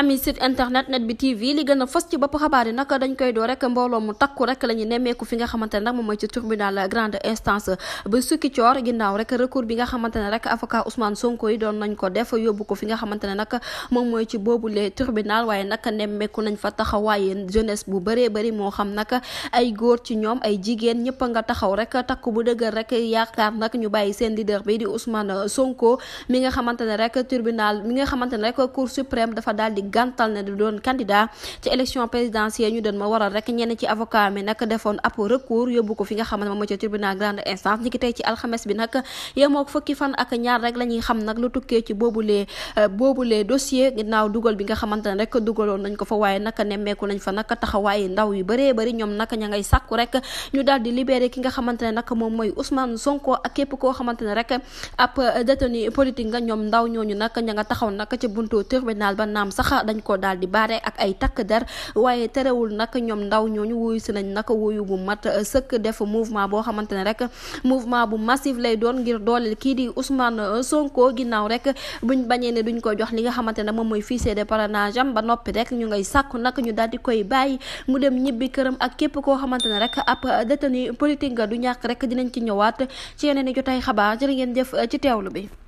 ami site internet net bi TV li gën a fës ci bopp xabaar yi nag dañ koy doo rek mbooloo mu takku rek la nemmeeku fi nga xamante ne avocat Ousmane Sonko mi nga xamante ne rek mi nga xamante ne rek cour dafa daal gàntal ne du doon candidat ci élection présidentielle ñu doon ma waral rek ñenn ci avocat mi nag defoon ab recours yóbbu ko fi nga xam moom mooy ci tribunal grande instance euh, ko fa rek ñu euh, détenu politique nga ñoom ndaw ñooñu nag ña taxaw nag ci buntu tribunal ba naam sax sax dañ ko daal di baare ak ay takk der waaye terewul nag ñoom ndaw ñooñu wuyu si nañ nag wuyu mat sëkk def mouvement boo xamante ne rek mouvement bu massif lay doon ngir dooleel kii di Ousmane Sonko ginnaaw rek buñ bañee ne duñ ko jox li nga xamante ne moom mooy fichier de parrainage am ba noppi rek ñu ngay sàkku nag ñu daal di koy bàyyi mu dem ñibbi këram ak képp koo xamante ne rek ab détenu politique nga du ñàkk rek dinañ ci ñëwaat ci yeneen i jotaay xabaar jërë ngeen jëf ci teewlu bi